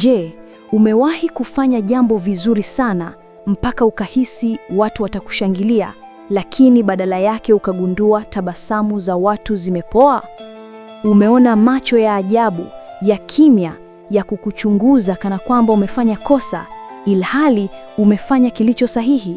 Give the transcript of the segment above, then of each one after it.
Je, umewahi kufanya jambo vizuri sana mpaka ukahisi watu watakushangilia, lakini badala yake ukagundua tabasamu za watu zimepoa? Umeona macho ya ajabu ya kimya ya kukuchunguza kana kwamba umefanya kosa ilhali umefanya kilicho sahihi.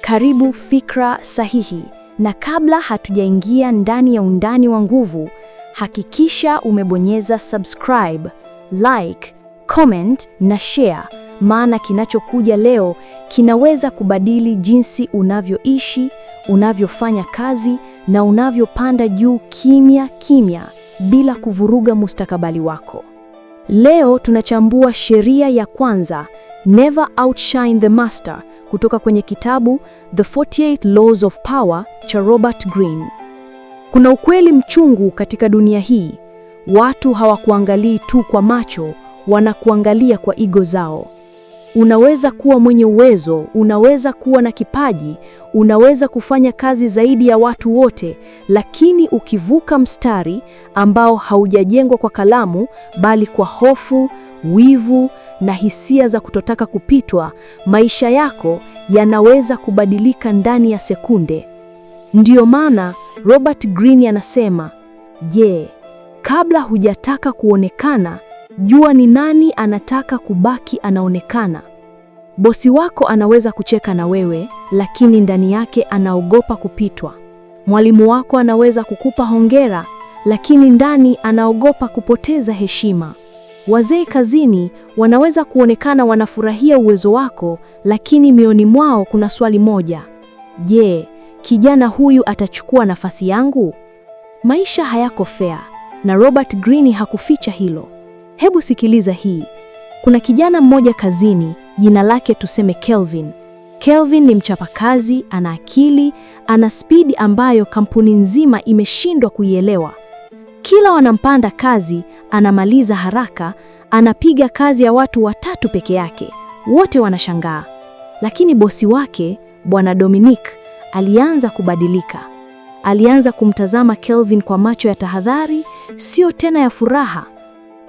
Karibu Fikra Sahihi, na kabla hatujaingia ndani ya undani wa nguvu, hakikisha umebonyeza subscribe, like comment na share, maana kinachokuja leo kinaweza kubadili jinsi unavyoishi, unavyofanya kazi na unavyopanda juu kimya kimya bila kuvuruga mustakabali wako. Leo tunachambua sheria ya kwanza, Never Outshine the Master, kutoka kwenye kitabu The 48 Laws of Power cha Robert Greene. Kuna ukweli mchungu katika dunia hii. Watu hawakuangalii tu kwa macho, wanakuangalia kwa igo zao. Unaweza kuwa mwenye uwezo, unaweza kuwa na kipaji, unaweza kufanya kazi zaidi ya watu wote, lakini ukivuka mstari ambao haujajengwa kwa kalamu, bali kwa hofu, wivu na hisia za kutotaka kupitwa, maisha yako yanaweza kubadilika ndani ya sekunde. Ndiyo maana Robert Greene anasema, je, kabla hujataka kuonekana Jua ni nani anataka kubaki anaonekana. Bosi wako anaweza kucheka na wewe, lakini ndani yake anaogopa kupitwa. Mwalimu wako anaweza kukupa hongera, lakini ndani anaogopa kupoteza heshima. Wazee kazini wanaweza kuonekana wanafurahia uwezo wako, lakini mioni mwao kuna swali moja: je, kijana huyu atachukua nafasi yangu? Maisha hayako fair, na Robert Greene hakuficha hilo. Hebu sikiliza hii. Kuna kijana mmoja kazini, jina lake tuseme Kelvin. Kelvin ni mchapakazi, ana akili, ana spidi ambayo kampuni nzima imeshindwa kuielewa. Kila wanampanda kazi, anamaliza haraka, anapiga kazi ya watu watatu peke yake. Wote wanashangaa. Lakini bosi wake, Bwana Dominic, alianza kubadilika. Alianza kumtazama Kelvin kwa macho ya tahadhari, sio tena ya furaha,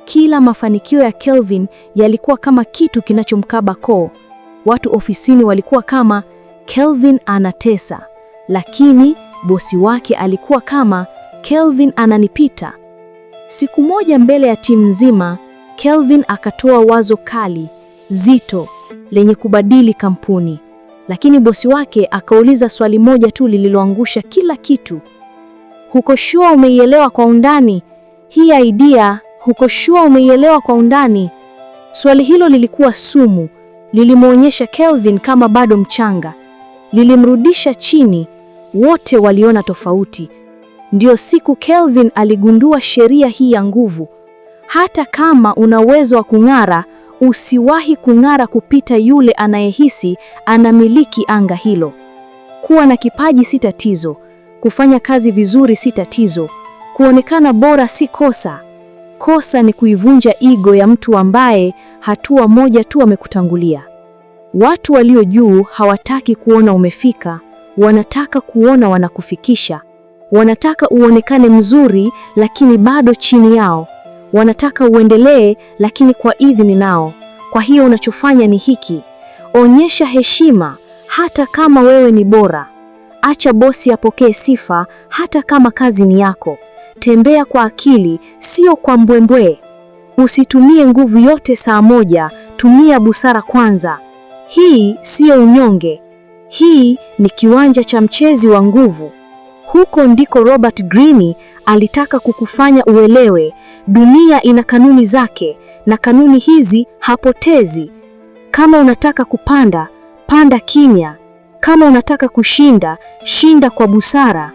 kila mafanikio ya Kelvin yalikuwa kama kitu kinachomkaba koo. Watu ofisini walikuwa kama Kelvin anatesa, lakini bosi wake alikuwa kama Kelvin ananipita. Siku moja mbele ya timu nzima, Kelvin akatoa wazo kali, zito, lenye kubadili kampuni. Lakini bosi wake akauliza swali moja tu lililoangusha kila kitu. Huko shua umeielewa kwa undani? Hii idea huko shua umeielewa kwa undani? Swali hilo lilikuwa sumu, lilimwonyesha Kelvin kama bado mchanga, lilimrudisha chini. Wote waliona tofauti. Ndiyo siku Kelvin aligundua sheria hii ya nguvu: hata kama una uwezo wa kung'ara, usiwahi kung'ara kupita yule anayehisi anamiliki anga hilo. Kuwa na kipaji si tatizo, kufanya kazi vizuri si tatizo, kuonekana bora si kosa. Kosa ni kuivunja igo ya mtu ambaye hatua moja tu amekutangulia. Watu walio juu hawataki kuona umefika, wanataka kuona wanakufikisha. Wanataka uonekane mzuri lakini bado chini yao. Wanataka uendelee lakini kwa idhini nao. Kwa hiyo unachofanya ni hiki: onyesha heshima hata kama wewe ni bora. Acha bosi apokee sifa hata kama kazi ni yako tembea kwa akili, sio kwa mbwembwe. Usitumie nguvu yote saa moja, tumia busara kwanza. Hii sio unyonge, hii ni kiwanja cha mchezi wa nguvu. Huko ndiko Robert Greene alitaka kukufanya uelewe, dunia ina kanuni zake na kanuni hizi hapotezi. Kama unataka kupanda, panda kimya. Kama unataka kushinda, shinda kwa busara.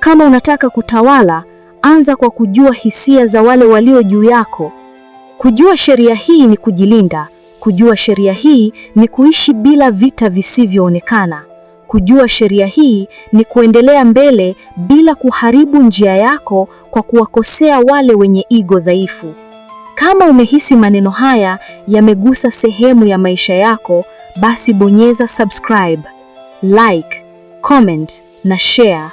Kama unataka kutawala, Anza kwa kujua hisia za wale walio juu yako. Kujua sheria hii ni kujilinda. Kujua sheria hii ni kuishi bila vita visivyoonekana. Kujua sheria hii ni kuendelea mbele bila kuharibu njia yako kwa kuwakosea wale wenye ego dhaifu. Kama umehisi maneno haya yamegusa sehemu ya maisha yako, basi bonyeza subscribe, like, comment na share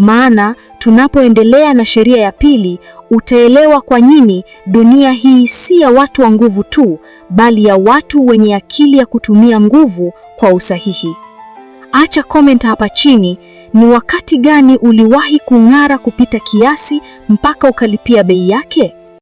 maana tunapoendelea na sheria ya pili utaelewa kwa nini dunia hii si ya watu wa nguvu tu, bali ya watu wenye akili ya kutumia nguvu kwa usahihi. Acha comment hapa chini, ni wakati gani uliwahi kung'ara kupita kiasi mpaka ukalipia bei yake?